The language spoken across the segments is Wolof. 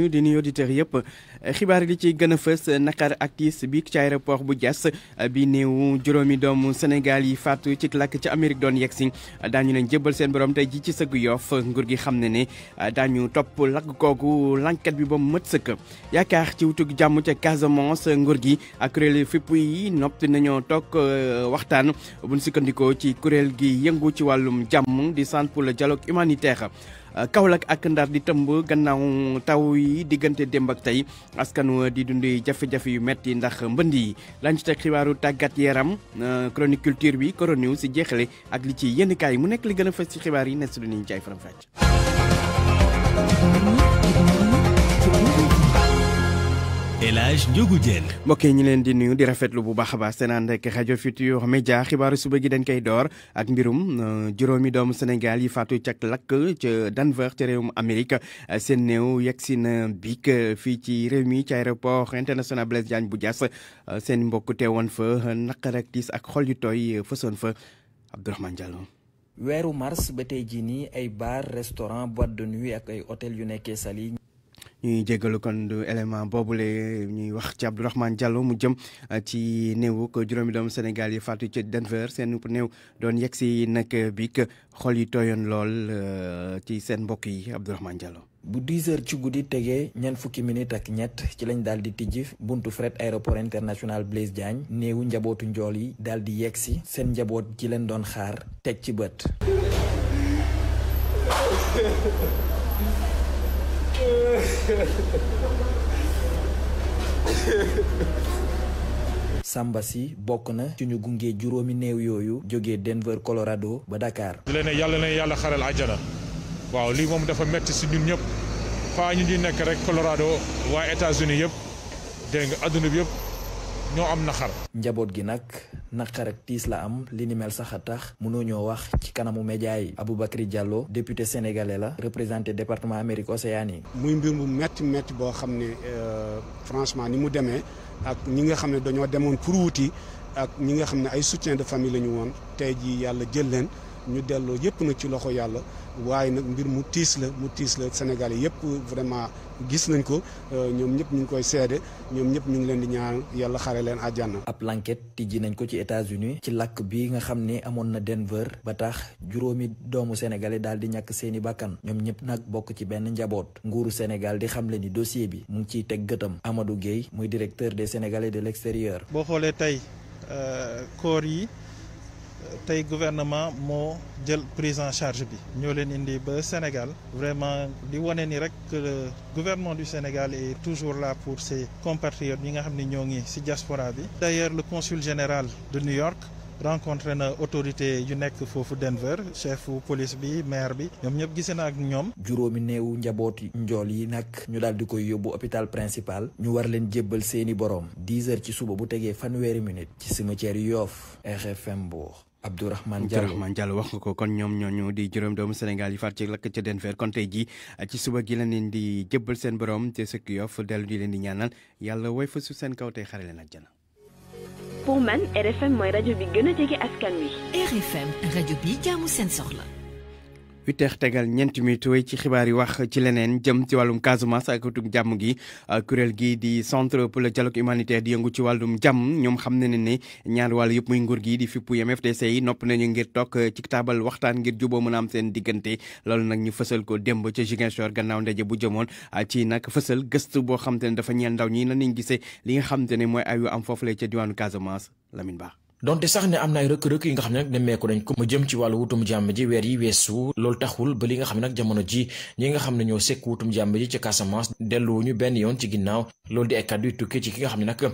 ñu di nuyu auditeurs yëpp xibaar li ci gën a fës naqar ak tiis bi ci aéroport bu Diass bi ni juróomi doomu Sénégal yi faatu ci làkk ci Amérique doon yegg si daañu leen jébbal seen boroom tey ji ci sëgg Yoff nguur gi xam ne ni daañu topp lakk googu lanket bi ba mu mët sëkk yaakaar ci wutug jàmm ca Casamance nguur gi ak kuréel fipp yi nopp nañoo toog euh, waxtaan buñ sukkandikoo ci kuréel gi yëngu ci wàllum jàmm di centre pour le dialogue humanitaire Euh, Kaolack ak Ndar di tëmb gannaaw taw yi diggante démb ak tey askanu di dundi jafe-jafe yu metti ndax mbënd yi lañ ci teg xibaaru tàggat yaram euh, chronique culture bi coronew si jeexale ak li ci yenn kaay mu nekk li gën a fës ci xibaar yi ne su du niñ jaay faram fàcc El Hadj Ndiogou Diène mbokk yi leen di nuyu di rafetlu bu baax a baax seen ànd ak rajo Futurs Médias xibaaru suba gi dañ koy door ak mbirum euh, juróomi doomu Sénégal yi faatu ca lakk ca Denver ca réewum Amérique seen néew yegg si na biik euh, fii ci réew mi ci aéroport international Blaise Diagne bu Diass euh, seen mbokk teewoon fa naqar ak tiis ak xol yu tooy fësoon fa Abdourahmane Diallo. weeru mars ba tey jii nii ay bar restaurant boîte de nuit ak ay hôtel yu nekkee Saly ñuy jégalu kon du élément boobule ñuy wax ci Abdourahmane Diallo mu jëm ah, ci néewu ko juróomi doomu Sénégal yi faatu ci Denver seen néew doon yegg si nag biig xol yi tooyoon lool ah, ci seen mbokk yi Abdourahmane Diallo. bu 10 heures ci guddi tegee ñeent fukki minute ak ñett ci lañ daal di tijji buntu fret aéroport international Blaise Diagne néewu njabootu njool yi daal di yegg si seen njaboot ci leen doon xaar teg ci bët. sàmba si bokk na ci ñu gunge juróomi néew yooyu jógee Denver Colorado ba dakaar di leen ne yàlla na yàlla xaral àjjana waaw lii moom dafa metti si ñun ñëpp faa ñu ñuy nekk rek Colorado waa États-Unis yëpp dégg nga adduna bi yëpp. ñoo am naqar. njaboot gi nag naqar ak tiis la am li ni mel sax a tax mënoo ñoo wax ci kanamu média yi Aboubacry Diallo député sénégalais la représenté département Amérique Océanie yi. muy mbir mu métti métti boo xam ne euh, franchement ni mu demee ak ñi nga xam ne dañoo demoon pour wuti ak ñi nga xam ne ay soutien de famille la ñu woon tey jii yàlla jël leen. ñu delloo yëpp nag ci loxo yàlla waaye nag mbir mu tiis la mu tiis la Sénégalais yëpp vraiment gis nañ ko euh, ñoom ñëpp ñu ngi koy seede ñoom ñëpp ñu ngi leen di ñaan yàlla xare leen àjjana. ab enquête tijji nañ ko ci États-Unis ci làkk bi nga xam ne amoon na Denver ba tax juróomi doomu sénégalais daal di ñàkk seeni bàkkan ñoom ñëpp nag bokk ci benn njaboot nguuru Sénégal di xamle ni dossier bi mu ngi ciy teg gëtam Amadou Guèye muy directeur des sénégalais de l'extérieur. boo xoolee euh, le gouvernement pris jël prise en charge bi ñoo leen indi ba Sénégal vraiment di wane ni rek que le gouvernement du Sénégal est toujours là pour ses compatriotes ñi nga xam ne ci diaspora bi d'ailleurs le consul général de New York rencontrer na autorité yu nekk foofu Denver chef police bi maire bi ñoom ñëpp gisee na ak ñoom. juróomi néewu njabooti njool yi Nak, ñu daal di koy yóbbu hôpital principal. ñu war leen jébbal seeni boroom. 10 heures ci suba bu tegee fanweeri minute. ci cimetière Yoff RFM Mbour. Abdourahmane Diallo Abdourahmane Diallo wax nga ko kon ñoom ñooñu di juróom doomu Sénégal yi faat ci lakk ca Denver kon tey jii ci suba gi la leen di jébbal seen boroom te sëkk yof dellu di leen di ñaanal yàlla woy fa su seen kaw tey xare leen àjjana. pour a jege askan wi. uteex tegal ñeenti minutes ci xibaar yi wax ci leneen jëm ci wàllum Casamance ak jàmm gi ah, kuréel gi di centre pour le dialogue humanitaire di yëngu ci wàllum jàmm ñoom xam ne ne ne ñaar wàll yëpp muy nguur gi di fippu MFDC yi nopp nañu ngir toog ah, ci taabal waxtaan ngir juboo mën a am seen diggante loolu nag ñu fësal ko démb ca Ziguinchor gannaaw ndaje bu jëmoon ah, ci nag fësal gëstu boo xam ne dafa ñeel ndaw ñi la nañ gisee li nga xam ne mooy ayu am foofu ca diwaanu Casamance Lamine Ba donte sax ne am na ay rëkk-rëkk yi nga xam ne nag nemmeeku nañ ko mu jëm ci wàllu wutum jàmm ji weer yi weesu loolu taxul ba nga xam ne nag jamono ji ñi nga xam ne yoon ci ginnaaw loolu di ay kàddu yu tukkee ne nag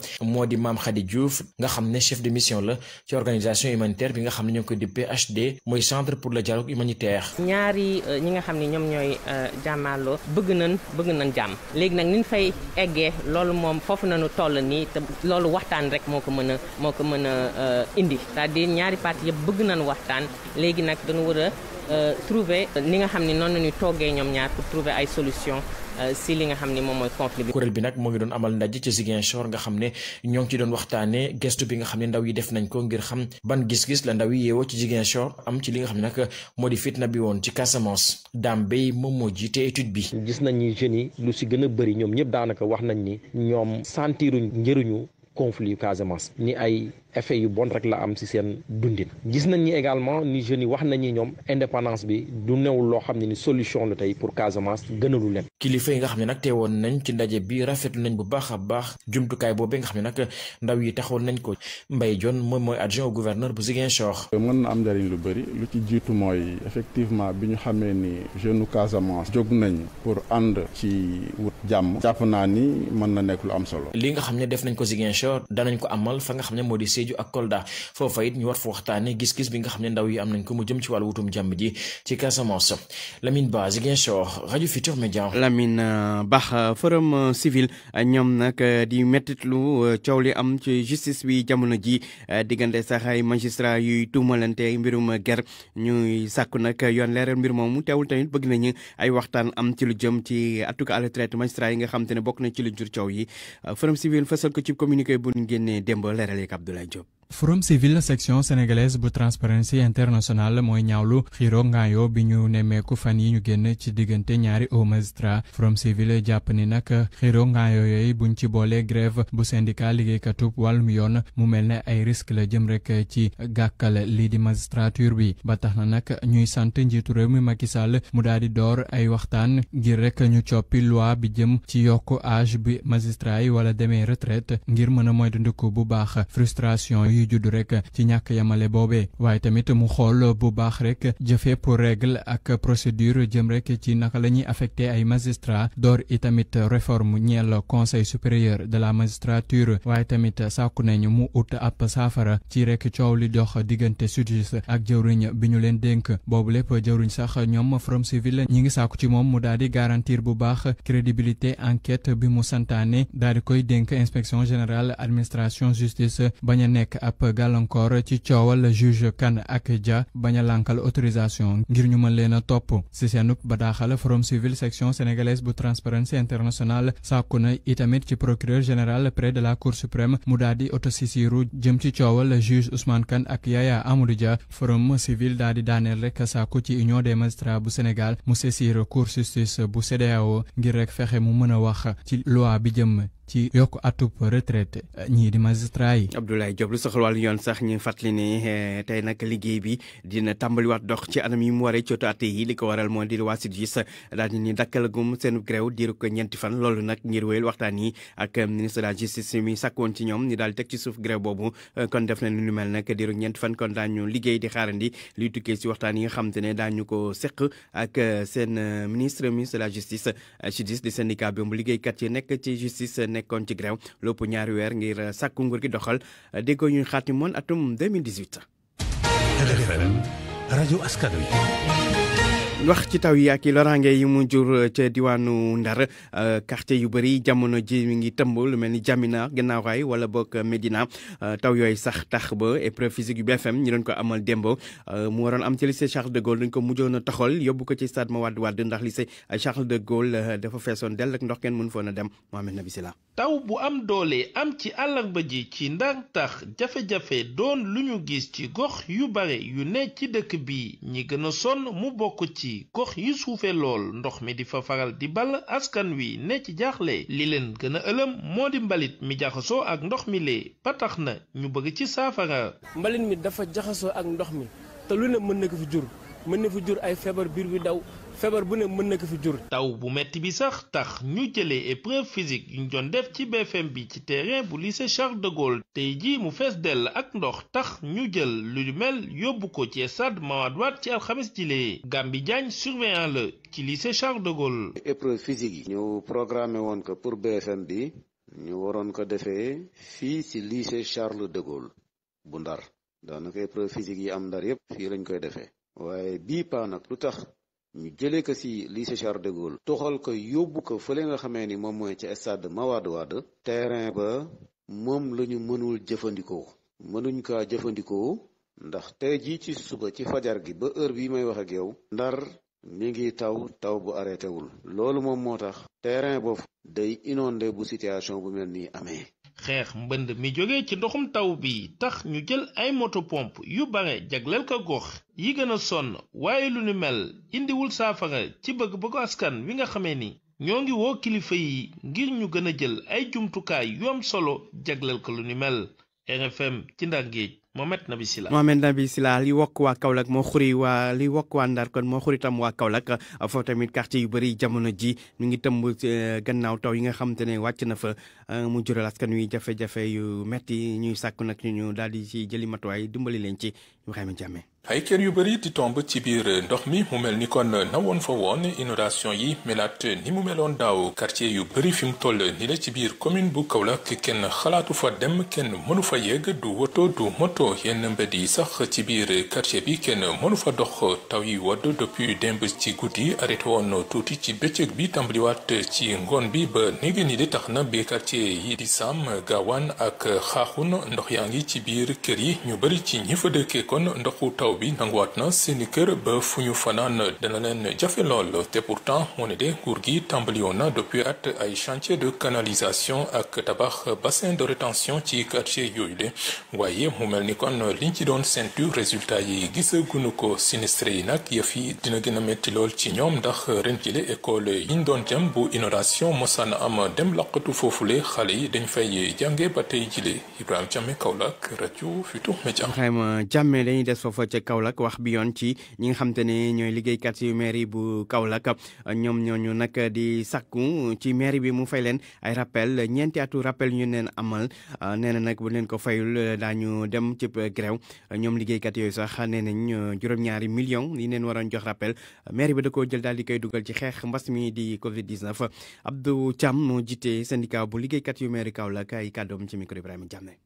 la ci organisation humanitaire bi xam ne ñoo ngi koy dippee HD mooy centre pour le dialogue humanitaire. ñaari euh, ñi nga xam ne ñoom ñooy euh, jàmmaarloo bëgg nañ bëgg nañ jàmm léegi nag ni ñu fay eggee loolu moom foofu nañu toll nii loolu waxtaan rek moo ko mën euh, Euh, indi c'est-à-dire ñaari parti yëpp bëgg nañ waxtaan léegi nag dañu war a euh, trouver li nga xam ni noonu lañuy toggee ñoom ñaar pour trouver ay solution euh, si li nga xam ni moom mooy conflit bi. kuréel bi nag moo ngi doon amal ndaje ci Ziguinchor nga xam ne ñoo ngi ci doon waxtaanee gestu bi nga xam ne ndaw yi def nañ ko ngir xam ban gis-gis la ndaw yi yeewoo ci Ziguinchor am ci li nga xam ne nag moo di fitna bi woon ci Casamance daam Bey moom moo jiite étude bi. gis nañ ni jeunes yi lu si gën a bëri ñoom ñëpp daanaka wax nañ ni ñoom sentiruñ njëriñu conflit Casamance effet yu bon rek la am si seen dundin gis nañ ni également ni jeunes yi wax nañ ni ñoom indépendance bi du newul loo xam ne ni solution la tey pour Casamance gënalu leen. kilifa yi nga xam ne nag teewoon nañ ci ndaje bi rafetlu nañ bu baax a baax jumtukaay boobu nga xam ne nag ndaw yi taxoon nañ ko Mbaye Dione moom mooy adjoint au gouverneur bu Ziguinchor. mën na am njëriñ lu bëri lu ci jiitu mooy effectivement bi ñu xamee ni jeune Casamance jóg nañ pour ànd ci wut jàmm jàpp naa ni mën na nekk lu am solo. ju ak Kolda foofa it ñu war fa waxtaane gis-gis bi nga xam ne ndaw yi am nañ ko mu jëm ci wàllu wutum jàmm ji ci Casamance Lamine Ba Ziguinchor rajo Futur Média Lamine euh, Ba euh, forum euh, civil ñoom nak di metitlu coow li am ci justice bi jamono ji diggante sax ay magistrat yuy tuumalante mbirum ger ñuy sàkku nag yoon leeral mbir moomu teewul tamit bëgg nañu ay waxtaan am ci lu jëm ci en tout traite magistrat yi nga xam te na ci lu jur coow yi forum civil fasal ko ci communiqué bu ñu génnee démb leeral yeeg Abdoulaye Job. forum civil section sénégalaise bu transparency international mooy ñaawlu xiiroo ngaayo bi ñu nemmeeku fan yi ñu génn ci diggante ñaari haut magistrat forum civil jàpp ni nag xiiroo ngaayo yooyu buñ ci boole grève bu syndicat liggéeykatu wàllum yoon mu mel ne ay risque la jëm rek ci gàkkal lii di magistrature bi ba tax na nag ñuy sant njiitu réew mi Macky Sall mu daal di door ay waxtaan ngir rek ñu coppi loi bi jëm ci yokk âge bi magistrat yi wala demee retraite ngir mën a moytandiku bu baax frustration yi yu judd rek ci ñàkk yamale boobee waaye tamit mu xool bu baax rek jëfee pour règle ak procédure jëm rek ci naka la ñuy affecté ay magistrat door itamit réforme ñeel conseil supérieur de la magistrature waaye tamit sàkku nañu mu ut ab saafara ci rek coow li dox diggante sudjus ak jëwriñ bi ñu leen dénk boobu lépp jëwriñ sax ñoom Forum Civil ñi ngi sàkku ci moom mu daal di garantir bu baax crédibilité enquête bi mu santaane daal di koy dénk inspection générale administration justice a ab gàllankoor ci coowal juge Kane ak Dia bañ a lànkal autorisation ngir ñu mën leen a topp si seenub badaaxal forum civil section sénégalaise bu transparency international sàkku na itamit ci procureur général près de la cour suprême mu daal di autosisiru jëm ci coowal juge Ousmane Kane ak Yaya Amadou Dia forum civil daal daaneel rek sàkku ci union des magistrats bu Sénégal mu saisir cour justice bu CEDEAO ngir rek fexe mu mën a wax ci loi bi jëm ci yokk atub retraite eh, ñii di magistrat yi. Abdoulaye Diop lu soxal wàllu yoon sax ñu fàttali ne eh, tey nag liggéey bi dina tàmbaliwaat dox ci anam yi mu waree cootu àtte yi li ko waral moo di waa SYTJUST daal di ni dakkalagum seen grève diiru ko ñeenti fan loolu nag ngir wéyal waxtaan yi ak ministre de la justice mi sàkkoon ci ñu daal teg ci suuf grève boobu eh, kon def na lu mel nag diiru ñeenti di xaarandi luy tukkee si waxtaan yi nga xam te ne daañu ko seq ak seen ministre ministre de la justice SYTJUST di syndicat bi mu liggéeykat yi nekk ci justice nekkoon ci grève lépp ñaari weer ngir sàkku nguur gi doxal déggoo ñu xaatimoon atum 2018. RFM rajo askan wax ci taw yi ak i loraange yi mu jur ca diwaanu Ndar euh, quartier yu bari jamono ji mi ngi tëmb lu mel ni Jamina Guinaw Rail wala boog Medina euh, taw yooyu sax tax ba épreuve physique yu BFM ñu doon ko amal démb euh, mu waroon am ci lycée Charles de Gaulle dañ ko mujjoon a taxal yóbbu ko ci stade Mawade Wade ndax lycée Charles de Gaulle dafa feesoon dell ndox kenn mënu foon a dem Mohamed Nabi Sila taw bu am doole am ci àllarba ji ci ndar tax jafe-jafe doon lu ñu gis ci gox yu bare yu ne ci dëkk bi ñi gën a sonn mu bokk ci ci gox yi suufe lool ndox mi di fa faral di ball askan wi ne ci jaaxle li leen gën a ëlëm moo di mbalit mi jaxasoo ak ndox mi lee ba tax na ñu bëgg ci saafara. mbalit mi dafa jaxasoo ak ndox mi te lu ne mën na ko fi jur mën na fi jur ay feebar biir bi daw feebar bu ne mën na ko fi jur. taw bu metti bi sax tax ñu jëlee épreuve physique yu ñu doon def ci BFM bi ci terrain bu lycée Charles de Gaulle tey jii mu fees dell ak ndox tax ñu jël lu mel yóbbu ko ci stade Mawade ci alxames jilee Gambi Diagne surveillant la ci lycée Charles de Gaulle. épreuve yi. ñu programmé woon ko pour BFM bi. ñu waroon ko defee fii ci lycée Charles de bu Ndar daanaka épreuve physique yi am Ndar yépp fii lañ koy defee waaye bii paa lu tax ñu jële ko si lycée Charles de Gaulle toxal ko yóbbu ko fële nga xamee ni moom mooy ca stade Mawade Wade terrain ba moom la ñu mënul jëfandikoo mënuñ kaa jëfandikoo ndax tey jii ci suba ci fajar gi ba heure bii may wax ak yow ndar mi ngi taw taw bu arrêté wul loolu moom moo tax terrain boobu day inondé bu situation bu mel nii amee xeex mbënd mi jóge ci ndoxum taw bi tax ñu jël ay moto pomp yu bare jagleel ko gox yi gën a sonn waaye lu ni mel indiwul saafara ci bëgg-bëggu askan wi nga xamee ni ñoo ngi woo kilifa yi ngir ñu gën a jël ay jumtukaay yu solo jagleel ko lu ni mel RFM ci Ndar Géej Mohamed Nabi Silla Mohamed Nabi Silla li wokk waa Kaolack moo xuri waa li wokk waa Ndar kon moo xuri tam waa Kaolack foofu tamit quartier yu bëri jamono ji ñu ngi tëmb e, gannaaw taw yi nga na fa mu jural askan wi yu metti ñuy sàkku nag ñu daal ci jëli matuwaay dimbali ci ay kër yu bëri di tomb ci biir ndox mi mu mel ni kon nawoon fa woon inondation yi melaat ni mu meloon daaw quartier yu bëri fi mu toll ni la ci biir commune bu Kaolack kenn xalaatu fa dem kenn mënu fa yegg du woto du moto yenn mbët yi sax ci biir quartier bi kenn mënu fa dox taw yi wadd depuis démb ci guddi arrêté woon tuuti ci bëccëg bi tàmbaliwaat ci ngoon bi ba néega ni di tax na bi quartier yi di Sam gaawaan ak Xaaxun ndox yaa ngi ci biir kër yi ñu bëri ci ñi fa bi nanguwaat na seeni kër ba fu ñu dana leen jafé lol té pourtant on est de nguur Tambliona depuis at ay chantier de canalisation ak tabax bassin de rétention ci quartier yooyu wayé waaye mu mel ni kon liñ ci doon seentu résultat yi gisagunu ko sinistre nak nag yëf dina gëna metti lol ci ñom ndax ren école yiñ doon jëm bu inondation mosana am dem laqatu foofule xale yi dañ fay jànge ba radio futur média. Diame Kaolack rajo Futurs fofu ca Kaolack wax bi yoon ci ñi nga xam te ne ñooy liggéeykat yu mairie bu Kaolack ñoom ñooñu nag di sakku ci mairie bi mu fay leen ay rappel ñeenti atu rappel ñu leen amal nee na nag bu leen ko fayul daañu dem ci grève ñoom liggéeykat yooyu sax nee nañ juróom-ñaari million yi leen waroon jox rappel mairie bi da koo jël daal di koy dugal ci xeex mbas mi di Covid 19 Abdou Thiam moo jiite syndicat bu liggéeykat yu mairie Kaolack ay kàddoom ci micro Ibrahima Diame.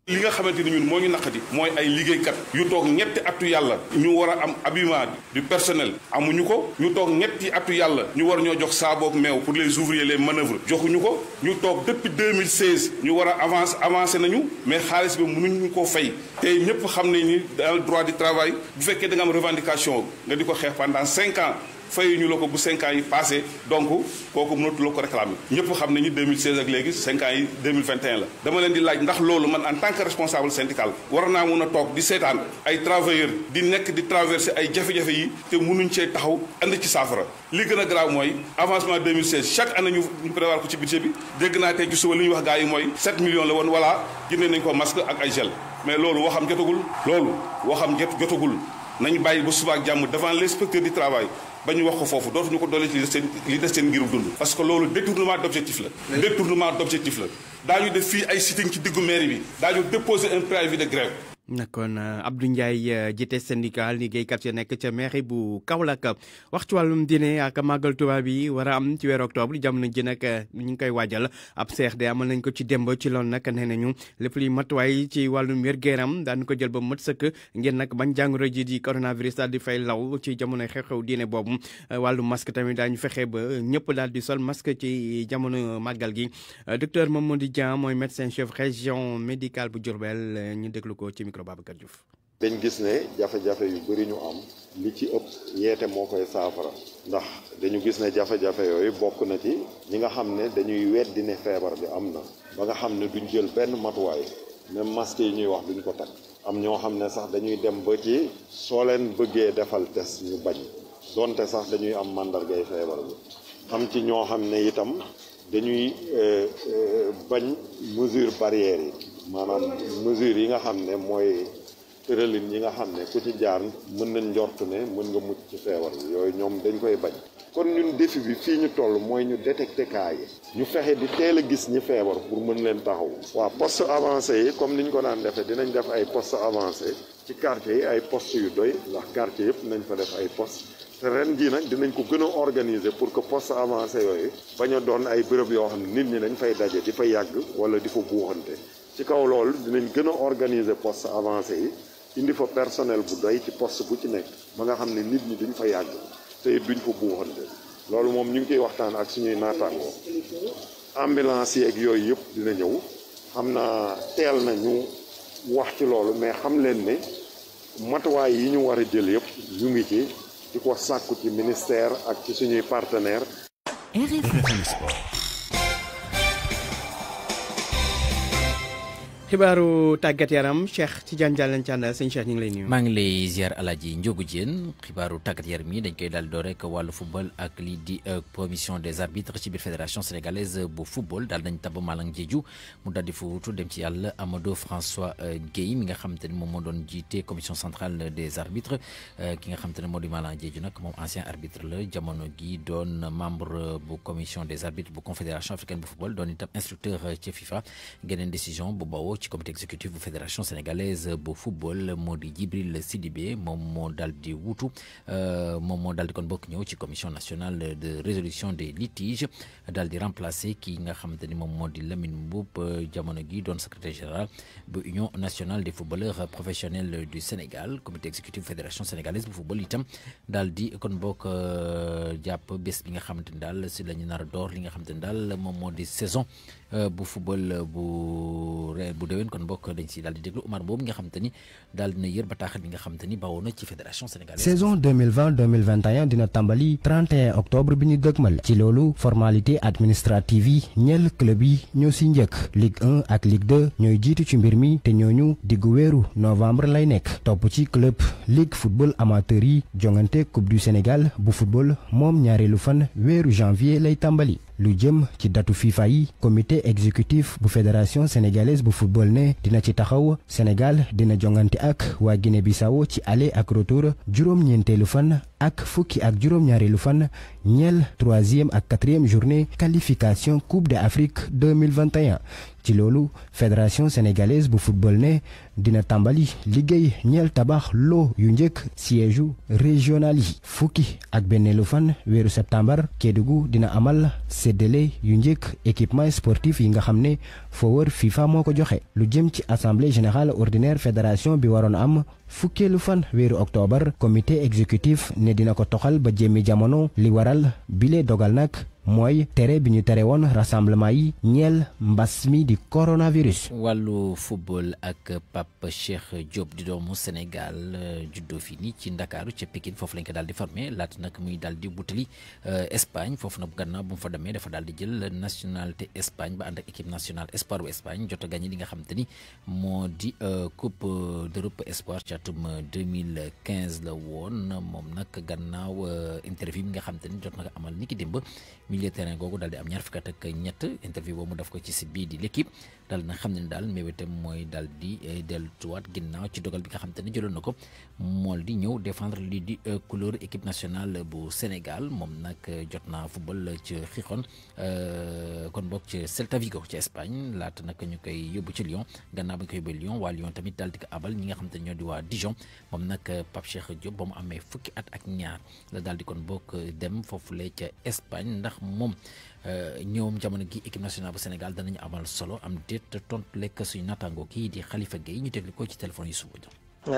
li atu yàlla ñu war a am habillement du personnel amuñu ko ñu toog ñetti atu yàlla ñu war ñoo jox saaboog meew pour les ouvriers les manœuvres joxuñu ko ñu toog depuis 2016 ñu war a avance avancé nañu mais xaalis bi mënuñu ko fay te ñëpp xam ne ni dans le droit du travail bu fekkee da nga am revendication nga di ko xeex pendant 5 ans ñu la ko bu 5 ans yi passé donc kooku mënatu la ko réclamer ñëpp xam nañu 2016 ak léegi 5 ans yi 2021 la. dama leen di laaj ndax loolu man en tant que responsable syndical war naa mun a toog di seetaan ay travailleurs di nekk di traverser ay jafe-jafe yi te mënuñ cee taxaw indi ci saafara li gën a garaaw mooy avancement 2016 chaque année ñu ñu prévoir ko ci budget bi dégg naa tey ci suba li ñu wax gars yi mooy 7 millions la woon voilà jëndee nañ ko masque jotagul loolu waxam bàyyi ba suba ak jàmm devant l'inspecteur du travail ba ñu wax ko foofu dootuñu ko doole ci li des seen li des seen ngirub dund parce que loolu détournement d' objectif la détournement d' objectif la daañu def fii ay sitting ci diggu mairie bi daañu déposer un préavis de grève Nakon eh, Abdou Ndiaye eh, jiite syndicat liggéeykat ya nekk ca mairie bu Kaolack wax ci wàllum dine ak màggal Tuubaa bi war a am ci weeru octobre jamono ji nag ñu eh, ngi koy waajal ab CRD amal nañ ko ci démb ci loolu nag nee nañu lépp luy matuwaay ci wàllum wér-gu-yaram ko jël ba mat sëkk ngeen nag bañ jàngoro ji di coronavirus daal di fay law ci jamono xew-xew diine boobu wàllu masque tamit daañu fexe ba ñëpp daal di sol masque ci jamono màggal gi docteur médecin chef région bu ñu déglu ko ci micro micro Babacar dañ gis ne jafe-jafe yu bëri ñu am li ci ëpp yeete moo koy saafara ndax dañu gis ne jafe-jafe yooyu bokk na ci ñi nga xam ne dañuy weddi ne feebar bi am na ba nga xam ne duñ jël benn matuwaay même masque yi ñuy wax duñ ko takk am ñoo xam ne sax dañuy dem ba ci soo leen bëggee defal test ñu bañ donte sax dañuy am màndargay feebar bi am ci ñoo xam ne itam dañuy euh, euh, bañ mesure barrière yi maanaam mesures yi nga xam ne mooy tëralin yi nga xam ne ku ci jaan mën nañ njortu ne mën nga mucc ci feebar bi yooyu ñoom dañ koy bañ. kon ñun défi bi fii ñu toll mooy ñu détecté cas yi. ñu fexe di teel a gis ñi feebar pour mën leen taxaw. waaw poste avancé yi comme ni ñu ko daan defee dinañ def ay post avancé ci quartier yi ay post yu doy ndax quartier yëpp nañ fa def ay post te ren jii nag dinañ ko gën a organiser pour que poste avancé yooyu bañ a doon ay béréb yoo xam ne nit ñi dañ fay daje di fa yàgg wala di fa buuxante. ci kaw loolu dinañ gën a organiser poste avancé yi indi fa personnel bu doy ci poste bu ci nekk ba nga xam ne nit ñi duñ fa yàgg te duñ fa buuxante loolu moom ñu ngi koy waxtaan ak suñuy naataangoo ambulance ak yooyu yëpp dina ñëw xam naa teel na ñu wax ci loolu mais xam leen ne matuwaay yi ñu war a jël yëpp ñu ngi ci di ko sàkku ci ministère ak ci suñuy partenaires. xibaaru tàggat yaram Cheikh Tidiane Diallo Thianda sëñ Cheikh ñu ngi lay nuyu. maa ngi lay ziar Alaaji Ndiogu Diène xibaaru tàggat yaram yi dañ koy dal doo rek wàllu football ak lii di commission euh, des arbitres ci biir fédération sénégalaise bu football dal nañ tabb Malang Diédhiou mu dal di fuutu dem ci yàlla Amadou François euh, Guèye mi nga xam te ne moom moo doon jiite commission centrale des arbitres euh, ki nga xam te ne moo di Malang Diédhiou nag moom ancien arbitre la jamono gi doon membre bu commission des arbitres bu confédération africaine bu football doon itam instructeur ci FIFA geneen décision bu bawoo comité exécutif la fédération sénégalaise bu football Modi Gibril Sidibé moom moo daal di wutu euh, commission nationale de résolution des litiges Daldi di remplacer ki nga xamante ni euh, jamono gi secrétaire général de union nationale des footballeurs professionnels du Sénégal comité exécutif fédération sénégalaise bu football itam Konbok di kon bokk euh, japp bes bi nga saison. Euh, bu football euh, bu bu kon bokk dañ ci dal di deglu Omar nga xam dina bi nga xam ci fédération sénégalaise. saison 2020 2021 dina tambali 31 octobre bi ñu dëgmal ci lolu formalité administrative yi ñeel club yi ñoo si Ligue 1 ak Ligue 2 ñoy jitu ci mbir mi te ñooñu diggu wéru novembre lay nekk top ci club Ligue football amateur yi jongante Coupe du Sénégal bu football moom ñaareelu fan wéru janvier lay tambali lu jëm ci datu FIFA yi comité exécutif bu fédération sénégalaise bu football ne dina ci taxaw Sénégal dina jongante ak waa Guinée-Bissau ci aller ak retour juróom-ñeenteelu fan ak fukki ak juróom niel fan 3 troisième ak quatrième journée qualification coupe d'Afrique 2021 ci lolu fédération sénégalaise bu football né dina tambali liggéey niel tabax lo yu siège régional yi fukki ak fan septembre Kédougou dina amal séddale yu équipement sportif yi nga xamné FIFA moko joxé assemblée générale ordinaire fédération bi am fukkeelu fan weeru octobre comité exécutif ne dina ko toxal ba jëmmi jamono li waral bile dogal nag mooy tere bi ñu tere woon rassemblement yi ñeel mbas mi di coronavirus. wàllu football ak Pape Cheikh Diop di doomu Sénégal euh, juddo fi nii ci Ndakaaru ca Pikine foofu lañ ko daal di formé laata nag muy daal di wutali euh, Espagne foofu nag gannaaw bu mu fa demee dafa daal di jël nationalité Espagne ba ànd ak équipe nationale espoir Espagne jot a gagné nga xam te moo di euh, coupe d'Europe espoir ca atum 2015 la woon moom nag gannaaw interview bi nga xam ni jot na amal ni ki démb. milieu terrain googu daal di am ñaar fukki ak ñett interview bo mu daf ko ci site bi di l'équipe dal na xamne dal daal moy mooy daal di eh, delluwaat ginnaaw ci dogal bi nga xam te ne ko di ñëw défendre li di eh, couleur équipe nationale bu Sénégal mom nak eh, jotna football ci euh kon bok ci Celta Vigo ci Espagne lat nak ñukay koy ci Lyon ganna ba koy yóbbu Lyon wa Lyon tamit daal di abal ñi nga xam ñoo di wa Dijon mom nak Pape Cheikh Diop ba mu amee fukki at ak ñaar la di kon bok dem fofu la ci Espagne ndax moom euh, ñëwam jamono gi équipe nationale bu Sénégal danañu amal solo am déet tontu lekk suñu nattaangoo kii di xalifa Gueye ñu déglu ko ci téléphone yi suba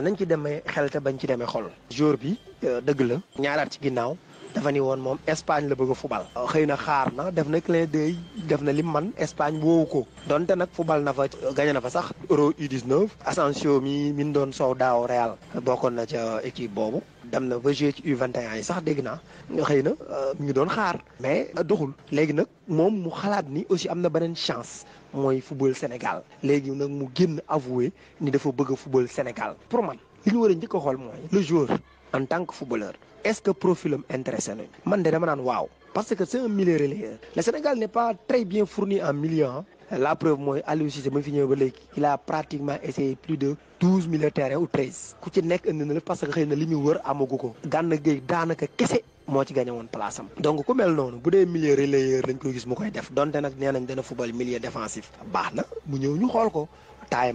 nañ ci demee xel te bañ ci demee xol. jour bi euh, dëgg la. ñaaraat ci ginnaaw. dafa ni woon moom Espagne la bëgg a fubal xëy na xaar na def na clin d'œil def na lim man Espagne woowu ko donte nag fubal na fa gañe na fa sax Euro U19 Asensio mi min doon soow daaw Real bokkoon na ca équipe boobu dem na ba joué ci U21 yi sax dégg naa xëy na euh, ngi doon xaar mais euh, doxul léegi nag moom mu xalaat ni aussi am na beneen chance mooy football Sénégal léegi nag mu génn avoué ni dafa bëgg football Sénégal pour man il ñu war a njëkk a xool le joueur en tant que footballeur est-ce que profil intéressé nañu man de dama naan waaw parce que c'est un milieu relayeur le Sénégal n'est pas très bien fourni en milieu hein. la preuve mooy Aliou Cissé ba fi ñëwee ba léegi il a pratiquement essayé plus de douze milieux terrain ou treize ku ci nekk indi na la parce que xëy na li ñu wër amagu ko gànn géej daanaka kese moo ci gagné woon place am donc ku mel noonu bu dee milieu relayeur lañ koy gis mu koy def donte nag nee nañ dana fubal milieu défensif baax na mu ñëw ñu xool ko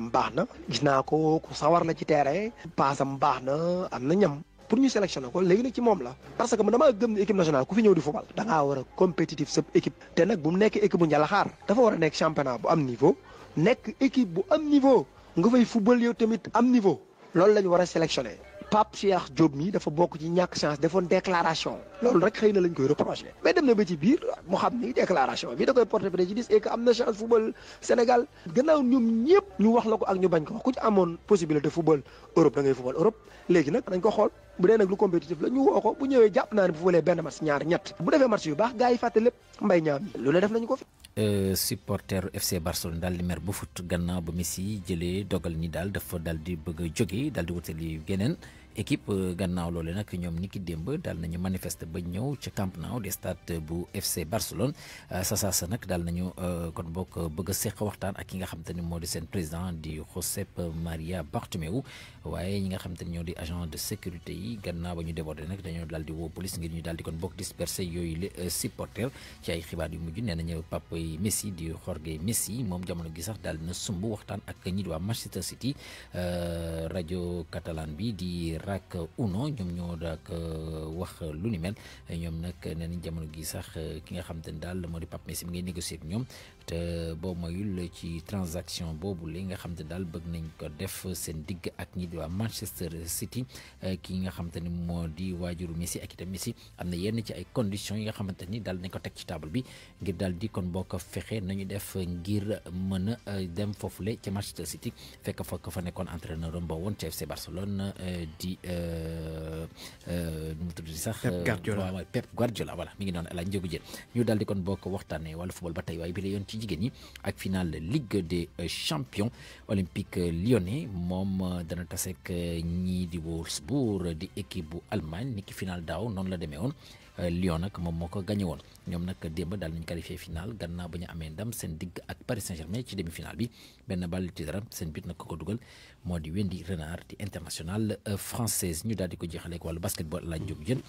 mu baax na gis naa ko ku sawar ci terrain paasam baax na am na ñam pour ñu sélectionné ko léegi nag ci moom la parce que man damaa gëm ne équipe nationale ku fi ñëw di fubal da ngaa war a compétitif sa équipe te nag bu mu nekk équipe bu njalaxaar dafa war a nekk championnat bu am niveau nekk équipe bu am niveau nga fay fubal yow tamit am niveau loolu lañ war a sélectionné Pape Cheikh Diop mii dafa bok ci ñak chance defoon déclaration loolu rek xeyna lañ koy reprocher mais dem na ba ci biir mu xam ni déclaration bi da koy porter préjudice et que amna chance football Sénégal gannaaw ñum ñëpp ñu wax la ko ak ñu bañ ko wax ku ci amone possibilité football Europe da ngay football Europe légui nak dañ ko xol bu dee nag lu compétitif la woo ko bu ñëwee jàpp naa ne bu fubalee benn match ñaar ñett bu defee match yu baax gars yi fàtte lépp mbay ñaam yi lu ne def nañu ko fi euh, supporter FC Barcelone daal di mer bu fut gannaaw ba Messi jëlee dogal ni daal dafa dal di bëgg a jóge daal di wutali geneen équipe euh, gannaaw loole nag ñoom niki démb daal nañu manifester ba ñëw ca Camp Nou des stade bu FC Barcelone euh, sasaasa nag daal nañu euh, kon bokk bëgg a seq waxtaan ak ki nga xam ni moo di seen président di Josep Maria Bartomeu waaye ñi nga xam te ñoo di agent de sécurité yi gannaaw ba ñu débordé nag dañoo daal di woo police ngir ñu daal di kon bokk dispersé yooyu les supporters ci ay xibaar yu mujj nee nañu Pape Messi di Jorge Messi moom jamono gi sax daal na sumb waxtaan ak ñi di waa Manchester City rajo catalan bi di. track euh, ou ñoom ñoo daak euh, wax lu ni mel ñoom nag nee nañ jamono gi sax euh, ki nga xam te ne daal moo di Pape Messi mi ngay négocier ñoom te boo mayul ci transaction bobu li nga xam dal daal bëgg nañ ko def seen digg ak ñi wa Manchester City eh, ki nga xam te di waajuru Messi ak itam Messi amna yenn ci ay conditions yi nga xamante dal daal nañ ko tek ci table bi ngir dal di kon boo fexé nañu def ngir mëna dem eh, dem foofule ca Manchester City fekk fa ko fa nekkon entraîneur am ba woon ca FC Barcelone eh, di euh euh mu tudd sax. Pep Guardiola waaw voilà mi ngi non la Hadj Ndiogou Diène ñu dal di kon boo waxtane wala football ba tey waaye bi la yon ci ci jigéen ñi ak final Ligue des euh, champions olympique euh, lyonnais moom euh, dana taseek ni di Wolfsburg di équipe bu Allemagne ni finale final daaw non la démé won Lyon nag mom moko gagné won ñom nak démb dal nañ qualifié final ganna ba amé ndam sen dig ak Paris Saint-Germain ci demi finale. bi ben ball ci dara sen bit nak ko duggal modi Wendy Renard di international française ñu dal di ko jeexaleek basket basketball la jóg jën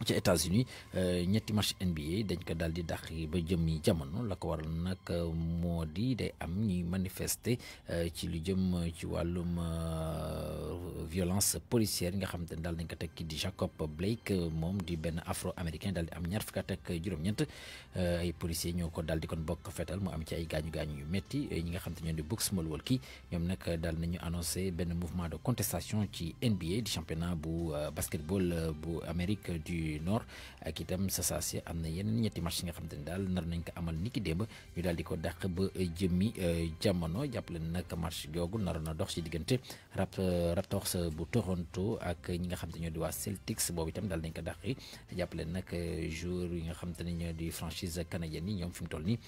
aux États-Unis euh, ñetti match NBA dañ ko daldi dakh ba jëm jëmmi jamono la ko waral nak modi day am ñuy manifester euh, ci lu jëm ci walum euh, violence policière nga xam tane dal daal dañ ko tek di Jacob Blake mom di ben afro américain daal di am ñaar fukki tek juroom ñent ñeent ay policiers ñoko daldi kon bokk fetal mu am ci ay gañu gañu yu metti ñi nga xam te ñoo di Bucks Milwaukee ñom nak dal nañu annoncer ben mouvement de contestation ci NBA di championnat bu basketball bu Amérique du. du nord ak eh, itam Sassas am na yeneen ñetti match yi nga xam te nar nañ ko amal niki démb ñu daal di ko dàq ba eh, jëmmi eh, jamono jàppale nag match googu naroon na dox si diggante rap Raptors bu Toronto ak ñi nga xam te ñoo di waa Celtics boobu itam daal nañ ko dàqi jàppale nag joueur yi nga xam ñoo di franchise canadienne yi ñoom fi toll nii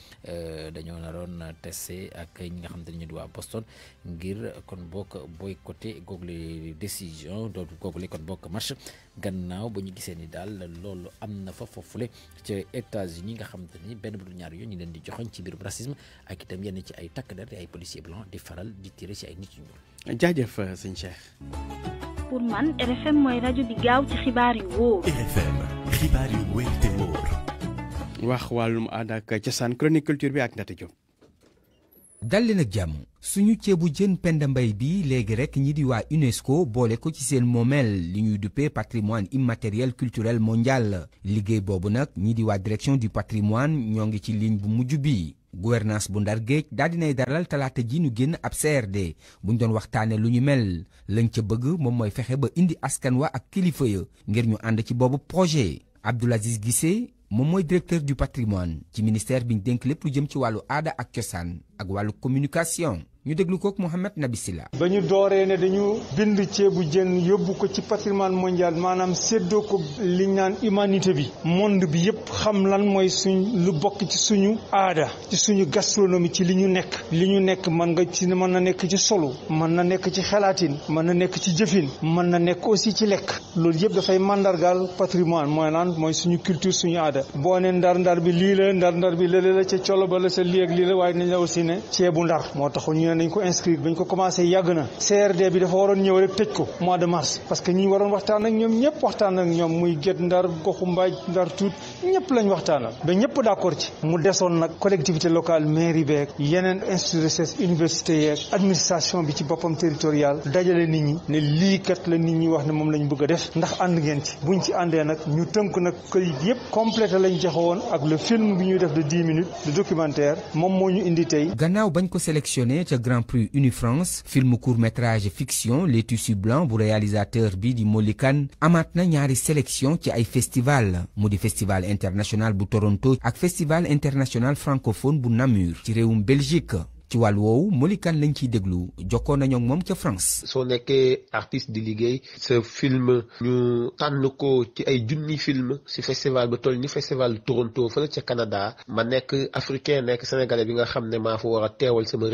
dañoo naroon tese ak ñi nga xam ñoo di waa Boston ngir kon bokk boycotté googu décision dootu googu kon bokk match gannaaw ba ñu ni loolu am na fa foofule ca États-Unis nga xam ni benn bu dul ñaar yoon ñu leen di joxoñ ci biirub racisme ak itam yenn ci ay takk der ay policiers blancs di faral di tiré si ay nit yu ñuul. jaajëf sëñ Cheikh. pour man RFM mooy rajo bi gaaw ci xibaar yu wóor. RFM xibaar yu wóor wóor. wax wàllum aada ak cosaan chronique culture bi ak Ndate Diop. dalli nag jàmm suñu ceebu jën Penda bi léegi rek UNESCO Bole ko ci seen moomeel li ñuy patrimoine immatériel culturel mondial liggéey bobonak nag ñi direction du patrimoine ñoo ngi ci ligne bu mujj bi gouvernance bu ndar géej daal dinay daral talaata ji ñu génn ab CRD buñ mel lañ bëgg ba indi askan wa ak kilifa ya ngir ñu ànd ci projet abdoulaziz gisse moom mooy directeur du patrimoine ci ministère bi ñu dénk lépp lu jëm ci wàllu aada ak cosaan ak wàllu communication ñu déglu kook Mouhamed Nabi Silla ba ñu dooree ne dañu bind ceebu jën yóbbu ko ci patrimoine mondial maanaam séddoo ko li naan humanité bi monde bi yëpp xam lan mooy suñ lu bokk ci suñu aada ci suñu gastronomie ci li ñu nekk li ñu nekk mën nga ci mën na nekk ci solo mën na nekk ci xelaatin mën na nekk ci jëfin mën na nekk aussi ci lekk loolu yëpp dafay mandargaal patrimoine mooy lan mooy suñu culture suñu aada boo ne ndar ndar bi lii la ndar bi lële la ca colo ba la sa lii ak waaye nañ la aussi ne moo tax ne nañ ko inscrire bañ ko commencé yàgg na CRD bi dafa waroon ñëw rek tëj ko mois de mars parce que ñi waroon waxtaan ak ñoom ñëpp waxtaan ak ñoom muy gét ndar goxu mbaaj ndar tuut ñëpp lañ waxtaanal ba ñëpp d'accord ci mu desoon nag collectivité locale mairie beeg yeneen institut de recherche université yeeg administration bi ci boppam territorial dajale nit ñi ne lii la nit ñi wax ne moom lañ bëgg a def ndax ànd ngeen ci buñ ci àndee nag de dix minutes de documentaire moom Grand Prix Unifrance film court métrage fiction Les Tissus Blancs pour réalisateur Molikan. Molikan, maintenant, maintenant y a une sélection ci ay festival mu festival international bu Toronto ak festival international francophone bu Namur ci en Belgique ci vois un festival Kane lañ ciy déglu jokkoon nañu France. soo nekkee artiste di ce ce film ñu tànn ko ci ay junni film ce festival ba Toronto, festival Toronto fële Canada ma nekk africain nekk sénégalais bi nga un ne maa fa sama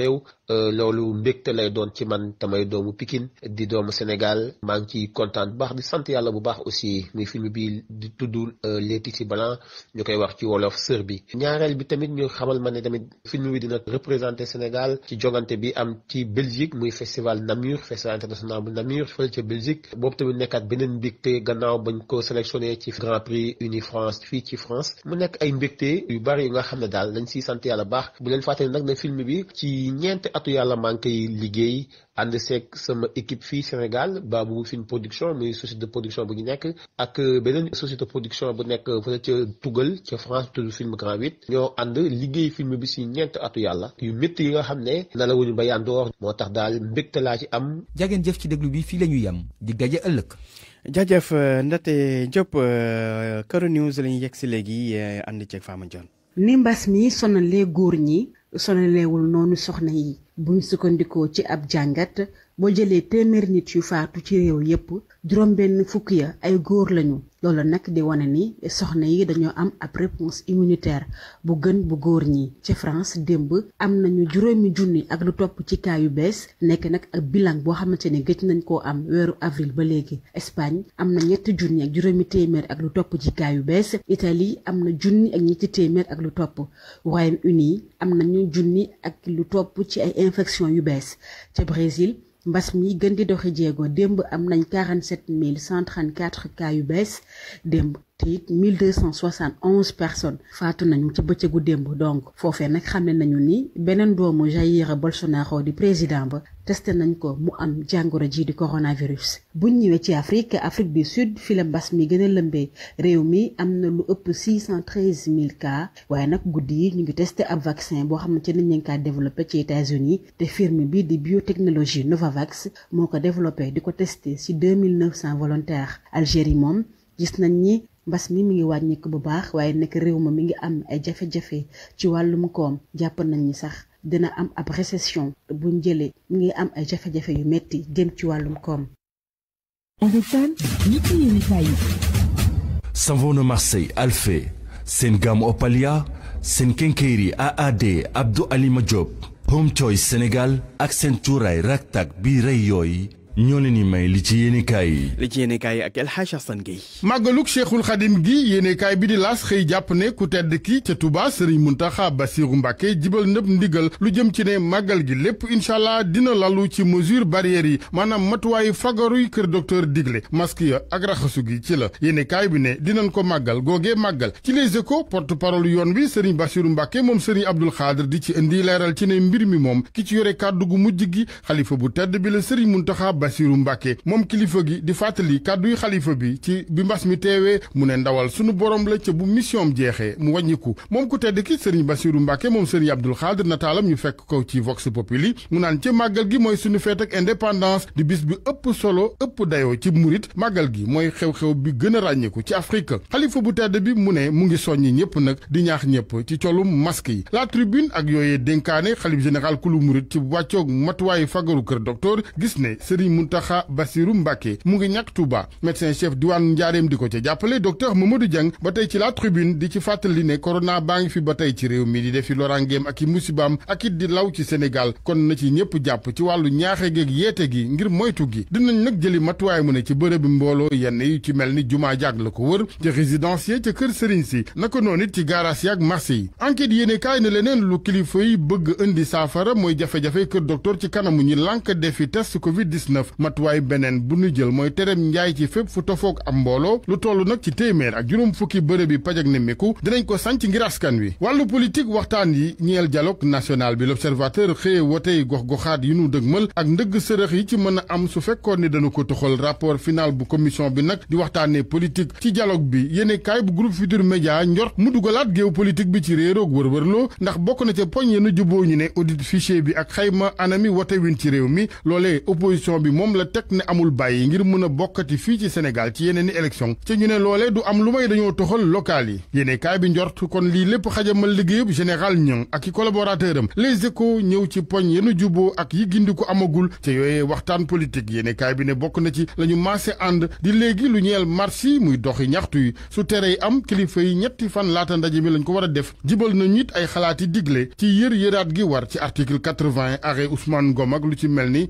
euh, loolu mbekté lay doon ci man tamay doomu Pikine di doomu Sénégal maa ci content, bax di sante yalla bu bax aussi muy film bi di tudd euh, letiti Blanc ñukay wax ci wolof sœur bi ñaareel bi tamit ñu xamal mané tamit film bi dina représenter Sénégal ci jongante bi am ci Belgique muy festival Namur festival international bu Namur fële ci Belgique boobu tamit nekkat benen mbekté gannaaw bañ ko sélectionné ci Grand Prix Uni France fi ci France mu nekk ay mbekté yu bari yu nga xamné dal lañ ci sante yalla bax bu len faté nak ne film bi ci ñeent atu yàlla maa ngi koy liggéey ànd seeg sama équipe fii Sénégal Babou Film production muy société de production bu ñu nekk ak beneen société de bu nekk fële ca Tugal ca France tudd film Grand 8 ñoo ànd liggéey film bi si ñeent atu yàlla yu métti yi nga xam ne nala wuñu ba yandoor moo tax daal mbégte laa ci am jageen jëf ci déglu bi fii la ñu di daje ëllëg jaajëf Ndate Diop Karo News la ñu si léegi ànd ceeg Fama Dione ni mbas mi sonalee góor ñi sonalewul noonu soxna yi buñ sukkandikoo ci ab jàngat boo jëlee téeméer nit yu faatu ci réew yépp juróom benn fukk ya ay góor lañu loolu nag di wane ni soxna yi dañoo am ab réponse immunitaire bu gën bu góor ñi ci France démb am nañu juróomi junni ak lu topp ci yu bees nekk nag ak bilan boo xamante ni gëj nañ koo am weeru avril ba léegi Espagne am na ñetti junni ak juróomi téeméer ak lu topp ci cas yu bees Italie am na junni ak ñetti téeméer ak lu topp Royaume-Uni am nañu junni ak lu topp ci ay infection yu bees ca Brésil mbas mi gën di doxi jeego démb am nañ 47 134 cas yu bees démb te 1271 personnes faatu nañu ci bëccëgu démb donc foofee nag xam nañu ni beneen doomu Jair Bolsonaro di président ba testé nañ ko mu am jàngoro ji di coronavirus. buñ ñëwee ci Afrique Afrique du Sud fi la mbas mi gën a lëmbee réew mi am na lu ëpp 613000 cas waaye nag guddi yi ñu ngi testé ab vaccin boo xamante ni ñu ngi kaa développé ci États-Unis te firme bi di biotechnologie Novavax moo ko développé di ko testé ci 2900 volontaires Algérie moom gis nañ ni. mbas mi mi ngi wàññeeku bu baax waaye nag réew ma mu ngi am ay jafe-jafe ci wàllum koom jàpp nañ ni sax dina am ab recession buñ jëlee mi ngi am ay jafe-jafe yu metti jëm ci wàllum koom. Savon Marseille Alfé seen gamme seen kénkéeri AAD Abdou Alima Diop Home Choice Sénégal ak seen cuuraay raktak bi rëy yooyu ñoo leen di may li ci yéenekaay yi. li yi ak El Hadj Assane Gueye. màggalug Cheikhul gi yéenekaay bi di laas xëy jàpp ne ku tedd ki ca Touba Serigne Mountakha Bassirou Mbacké jibal nëpp ndigal lu jëm ci ne màggal gi lépp incha allah dina lalu ci mesure barrières yi maanaam matuwaayu fagaruy kër docteur digle masque ya ak raxasu gi ci la yéenekaay bi ne dinañ ko màggal googee màggal ci les échos porte yoon wi Serigne Bassirou Mbacké moom Serigne Abdoul Khadr di ci indi leeral ci ne mbir mi moom ki ci yore kàddu mujj gi xalifa bu tedd bi la Serigne Mountakha Basiru Mbàkke moom kilifa gi di fàttali kàdduy xalifa bi ci bi mbas mi teewee mu ne ndawal sunu borom la ca bu mission jeexee mu wàññiku moom ku tedd ki sëriñ Basiru moom sëriñ Abdul Xaadir nataalam ñu fekk ko ci Vox Populi mu naan ca màggal gi mooy sunu feet ak indépendance di bis bi ëpp solo ëpp dayoo ci murit màggal gi mooy xew-xew bi gën a ràññeeku ci Afrique xalifa bu tedd bi mu ne mu ngi soññ ñëpp nag di ñaax ñëpp ci colum masque yi la tribune ak yooyee dénkaane xalif général kulu murit ci wàccoog matuwaayu fagaru kër docteur gis ne sëriñ Muntaha Basiru Mbàkke mu ngi ñàkk Touba médecin chef diwaanu Njaareem di ko ca jàppale docteur Mamadou Dieng ci la tribune di ci corona baa ngi fi ba tey ci réew mi di defi loraangeem ak Musibam, ak di law ci Sénégal kon na ci ñëpp jàpp ci wàllu ñaaxe geeg yeete gi ngir moytu gi dinañ nag jëli matuwaay mu ne ci bërëb bi mbooloo yenn yi ci mel ni jumaa jaag la ko wër ci résidence ya kër sëriñ si naka noonu it ci gaaraas yaag marché enquête leneen lu kilifa yi bëgg indi kër docteur ci kanamu ñi test covid 19 dix-neuf matuwaay beneen bu ñu jël mooy tereem njaay ci fépp fu tofoog am mbooloo lu toll nag ci téeméer ak juróom fukki bërëb yi paj ak nemmiku dinañ ko sanc ngir askan wi wàllu politique waxtaan yi ñeel dialogue national bi l'observateur xëye wotey gox-goxaat yi nu dëgmal ak ndëgg sërëx yi ci mën a am su fekkoon ni dañu ko toxal rapport final bu commission bi nag di waxtaanee politique ci dialogue bi yéene kaay bu groupe Futurs Médias njort mu dugalaat géew politique bi ci réeroog wërwërloo ndax bokk na ca poñ yéen a ñu ne audit bi ak xayma anami wote win ci réew mi bi moom la teg ne amul bàyyi ngir mën a bokkati fii ci Sénégal ci yeneen i élection ca ñu ne loole du am lu may dañoo toxal local yi yéene kaay bi njort kon lii lépp xajamal liggéeyub général Niang ak i collaborateur am Les Échos ñëw ci poñ yenu juboo ak yi gindi ko amagul ca yooyee waxtaan politique yéene kaay bi ne bokk na ci lañu ñu maase ànd di léegi lu ñeel marche yi muy dox doxi ñaxtu yi su tere yi am kilifa yi ñetti fan laata ndaje mi lañ ko war a def jibal nañu it ay xalaati digle ci yër yëraat gi war ci article 80 arrêt Ousmane Ngom ak lu ci mel ni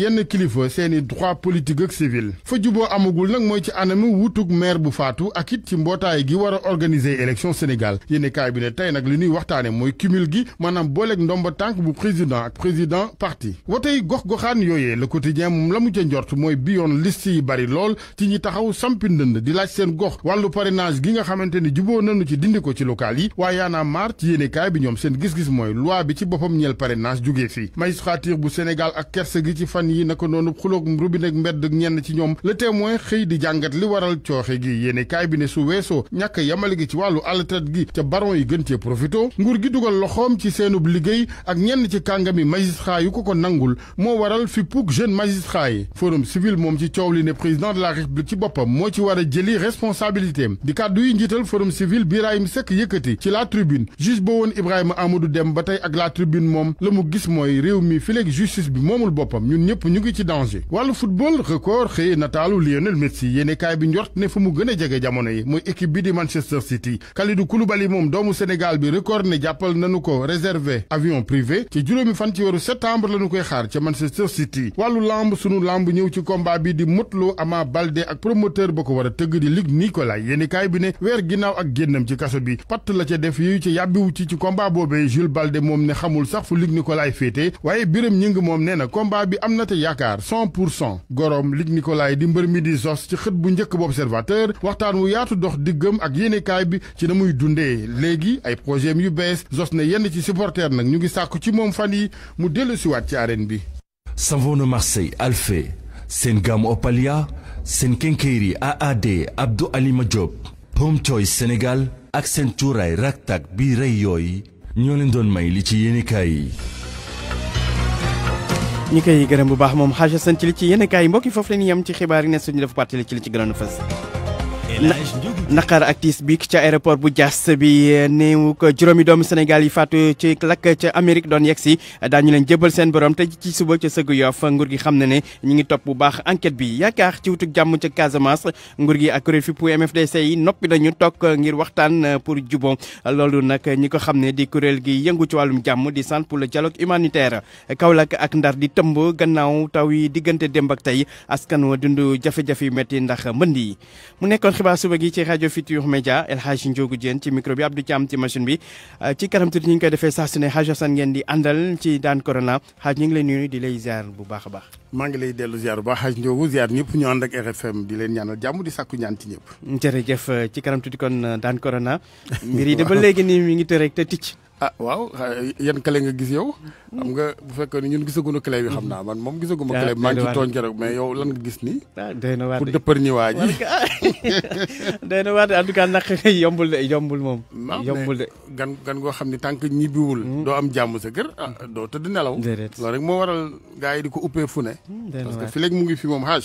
yenn kilifa seeni droit politique ak civil fa juboo amagul nag mooy ci anami wutug maire bu faatu ak it ci mbootaay gi war a organiser élection Sénégal yéeni kaay bi ne tey nag li ñuy waxtaane mooy cumul gi maanaam booleeg ndomba bu président ak président parti watay gox-goxaan yooyee le quotidien moom la mu ca njort mooy bi yoon liste yi bari lool ci ñi taxaw sampi di laaj seen gox wàllu parrainage gi nga xamante ni nanu ci dindi ko ci local yi waaye yaanaa maar ci yéene kaay bi ñoom seen gis-gis mooy loi bi ci boppam ñeel parrainage magistrature bu Sénégal ak kerse gi ci jeunes yi naka noonu xuloog rubine ak mbedd ak ñenn ci ñoom le témoin xëy di jàngat li waral cooxe gi yéene kaay bi ne su weesoo ñàkk yamale gi ci wàllu altat gi ca baron yi gën cee profito nguur gi dugal loxoom ci seenub liggéey ak ñenn ci kàngami magistrat yu ko ko nangul moo waral fi puuk jeune magistrat yi forum moom ci coow li ne président de la république ci boppam moo ci war a jëli responsabilité di kàddu yi njiital forum civil Birahim Seck yëkkati ci la tribune juge Dem ba tey la moom la mu mooy réew mi fileeg justice bi moomul ñëpp ñu ngi ci danger wàllu football record xëy nataalu Lionel Messi yéene kaay bi njort ne fu mu gën a jege jamono yi mooy équipe bi di Manchester City Kalidou Koulibaly moom doomu Sénégal bi record ne jàppal nanu ko réservé avion privé ci juróomi fan ci weeru septembre lañu koy xaar ca Manchester City wàllu lamb sunu lamb ñëw ci combat bi di Motlo Ama Baldé ak promoteur ba ko war a tëgg di Luc Nicolaï yéene bi ne weer ginnaaw ak génnam ci kaso bi patt la ca def yooyu ca yàbbiwu ci ci combat boobee Jules sax fu Luc Nicolaï féete waaye Birame Ngingue Yakar, 100 gorom Ligue Nicolas di mbër mi di ci xet bu njëkk bu observateur waxtaan wu yaatu dox ak kay bi ci na muy dundee légui ay projet yu bees sos ne yenn ci supporter nak ñu ngi sakku ci mom fan yi mu ci arène bi savon Marseille Alfé Sengam Opalia seen AAD Abdou Ali Diop Home Choice Sénégal ak Sen Touray raktak bi rey yooyu ñoo doon may li ci ñi koy gërëm bu baax moom xaaja sant li ci yenn kaay mbokk yi foofu la ci xibaar yi ne suñu def parti li ci li ci gënoon fës Nakar ak tiis bi ca aéroport bu Diass bi eh, néewu ko juróomi doomu Sénégal yi fatu ci lakk eh, ca Amérique doon yegg si eh, daañu leen jébal seen borom te ci suba ca sëgg Yoff nguur gi ne ngi bu baax enquête bi yaakaar ci wutug jàmm ca Casamance nguur gi ak kuréel fippu MFDC yi noppi nañu toog ngir waxtaan pour jubon loolu nag ñi ko xam di kuréel gi yëngu ci wàllum jàmm di centre pour le dialogue humanitaire Kaolack ak Ndar di tëmb gannaaw taw yi diggante démb ak askan wa dund jafe-jafe yu ndax mu xibaar suba gi ci rajo Futur Média El Hadj Ndiogou Diène ci micro bi Abdou Thiam ci machine bi euh, ci kanam tuuti ñu defee saa su ne ngeen di àndal ci daan corona Hadj ñu ngi lay di lay ziar bu baax a baax. maa ngi lay dellu ziar bu baax Hadj Ndiogou ziar ñëpp ñu ànd ak di leen ñaanal jàmm di sàkku ñaan ci ñëpp. jërëjëf ci kanam kon euh, daan corona. mbir yi de nii mi ngi tëreeg te ticc. ah waaw yan clé nga gis yow. xam nga bu fekkee ni ñun gisaguma clé bi xam naa man moom gisaguma clé bi ah, maa ngi ci tooñ keroog mais yow lan nga gis ah, na waar de pour dëppar ñi waa ji. na waar de en tout cas naq yombul de yombul moom. yombul gan gan goo xam ne tànk ñibbiwul. Hmm. doo jàmm sa kër ah hmm. doo tëdd nelaw. déedéet loolu rek moo waral gaa yi di ko uppee fu ne. Hmm, fi léegi mu ngi fi moom xaaj.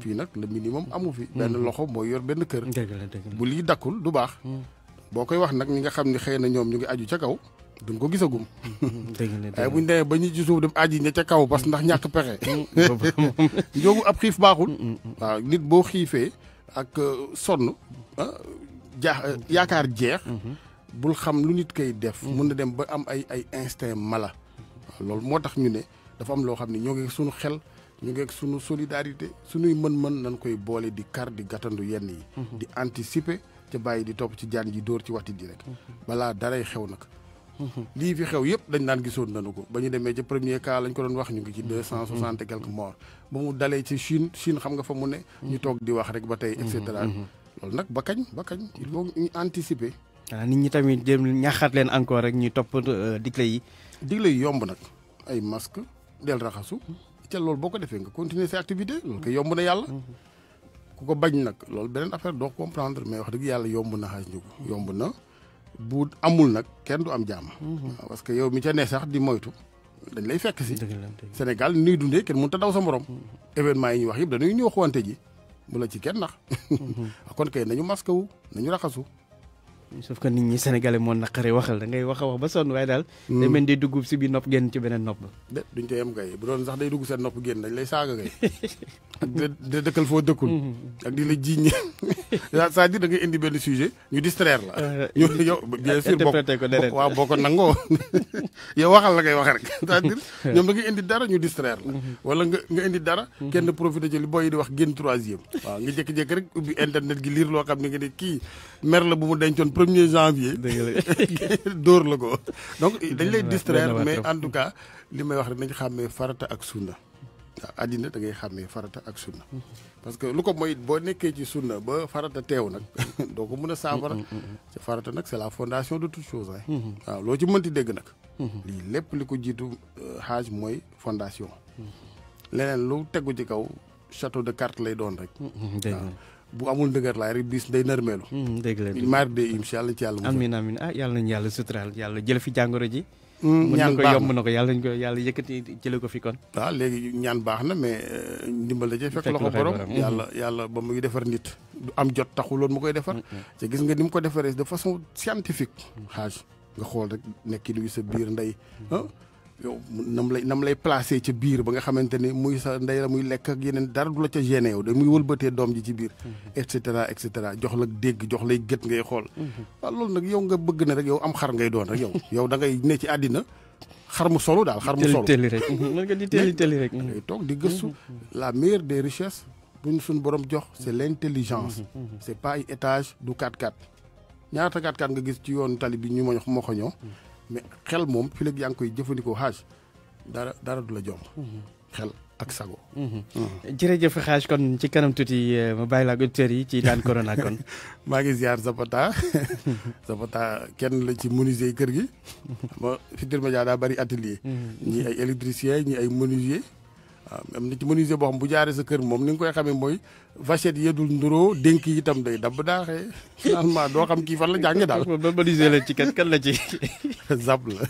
fii nag le minimum amu fi. Mhm. benn loxo mooy yor benn kër. bu lii dakkul du baax. Mhm. boo koy wax nag ñi nga xam ne xëy na ñoom ñu ngi aju ca kaw. duñ ko gisagum. dëgg bu ñu demee ba ñu ci suuf dem aji ña ca kaw parce ndax ñàkk pexe. Mhm. njóogu ab xiif baaxul. waaw nit boo xiifee ak euh, sonn ah, jaax euh, yaakaar jeex. bul xam lu nit kay def. mun na dem ba am ay ay instinct mala. waaw loolu moo tax ñu ne dafa am loo xam ne ñoo ngi suñu xel. ñu ngeeg sunu solidarité sunuy mën-mën nañ koy boole di kar di gàttandu yenn yi mhm. di anticiper ca bàyyi di topp ci jaan ji dóor ci waxtu yi rek mhm. balaa daray xew nag mhm. lii fi xew yëpp dañ naan gisoon nañu ko ba ñu demee ca premier cas lañ ko doon wax ñu ngi ci deux cent soixante et quelques morts ba mu dalee ci Chine Chine xam nga fa mu ne ñu toog di wax rek ba tey et cetera loolu nag ba kañ ba kañ il faut ñu anticiper waaw ah, nit ñi tamit jéem ñaxaat leen encore rek ñuy topp euh, digle yi digle yi yomb nag ay masque del raxasu ca loolu boo ko defee nga continuer sa activité loolu koy yomb na yàlla ku ko bañ nag loolu beneen affaire doo comprendre mais wax dëgg yàlla yomb na xaaj njugu yomb na bu amul nag kenn du am jàmm parce que yow mi ca ne sax di moytu dañ lay fekk si Sénégal nuy dundee kenn mun a daw sa morom événement yi ñuy wax yëpp dañuy ñëw xuwante ji bu la ci kenn nax kon kay nañu masque wu nañu raxasu sauf que nit ñi sénégalais moo naqaree waxal da ngay wax a wax ba sonn waaye daal. Hmm. day mel day dugg si biir nopp génn ci beneen nopp. de duñ te yem kay bu doon sax day dugg seen nopp génn dañ lay saaga kay. ak di dëkkal foo dëkkul. Hmm. ak di la jiiñ. c'est-à-dire ya, da ngay indi benn sujet ñu distraire la. yow euh, yow bien sûr boo waaw boo ko nangoo yow waxal la ngay wax rek c'est-à-dire ñoom da ngay indi dara ñu distraire la. Mm-hmm. wala nga nga indi dara. Mm-hmm. kenn ci li di wax génn troisième. waaw nga jékki-jékki rek ubbi internet gi liir loo xam ne nga ne ki mer la bu mu dencoon premier janvier. dóor la ko donc dañ lay distraire mais en tout cas li wax rek nañ xàmmee farata ak sunna waaw àddina da ngay farata ak sunna mm-hmm. parce que lu ko mooy boo nekkee ci sunna ba farata teew nag donc ko mën a ci mm, mm, mm, farata c'est la fondation de toute chose a mm-hmm. waaw loo ci mënti dégg nag mm-hmm. lii lépp li ko jiitu xaaj euh, fondation mm-hmm. leneen lu tegu ci kaw château de cartes lay doon rek bu amul dëgër laay rek bis day nërmeelu dégg la mar de incha ci yàlla amin amin ah yàlla nañu yàlla suturaal yàlla jël fi jàngoro ji Mm, ñaan baax na yomb na ko yàlla nañ ko yàlla yëkkati jële ko fi kon. waaw ah, léegi ñaan baax na mais euh, ndimbal da cee fekk loxo borom yàlla yàlla ba muy defar nit. du am jot taxuloon mu koy defar. te gis nga ni mu ko defaree de façon scientifique. xaaj nga xool rek nekk lu sa biir ndey. Ah, yow nam lay nam lay placé ca biir ba nga xamante ni muy sa ndey la muy lekk yeneen dara du la ca gêné yow da muy wëlbatee doom ji ci biir mhm. et cetera et jox la dégg jox lay gët ngay xool mhm. waaw loolu nag yow nga bëgg na rek yow am xar ngay doon rek yow yow da ngay ne ci àddina xar mu solo daal xar mu solo tëli rek mhm. mën nga di rek ngay toog di gëstu la meilleure des richesses bu ñu suñu borom jox c'est l'intelligence c'est pas ay étage du 4 x ñaata 4 x nga gis ci yoonu tali bi ñu ma moo ko ñëw mais xel moom fi léegi yaa ngi koy jëfandikoo xaaj dara dara du la jomb. Mhm. xel ak sago. Mhm. Mhm. jërëjëf xaaj kon ci kanam tuuti euh, ma bàyyi la ak yi ci daan corona kon. maa ngi ziar Zapata Zapata kenn la ci menuisier kër gi. ma Futurs Médias daa bari atelier. ñi ay électricien ñi ay menuisier. waaw am na ci menuisier bo xam bu jaaré sa kër mom ni ngui koy xamé moy vachette yedul nduro denk yi tam day dab daaxee finalement do xam ki fan la jangé dal ba menuisier la ci kan kan la ci. zap la.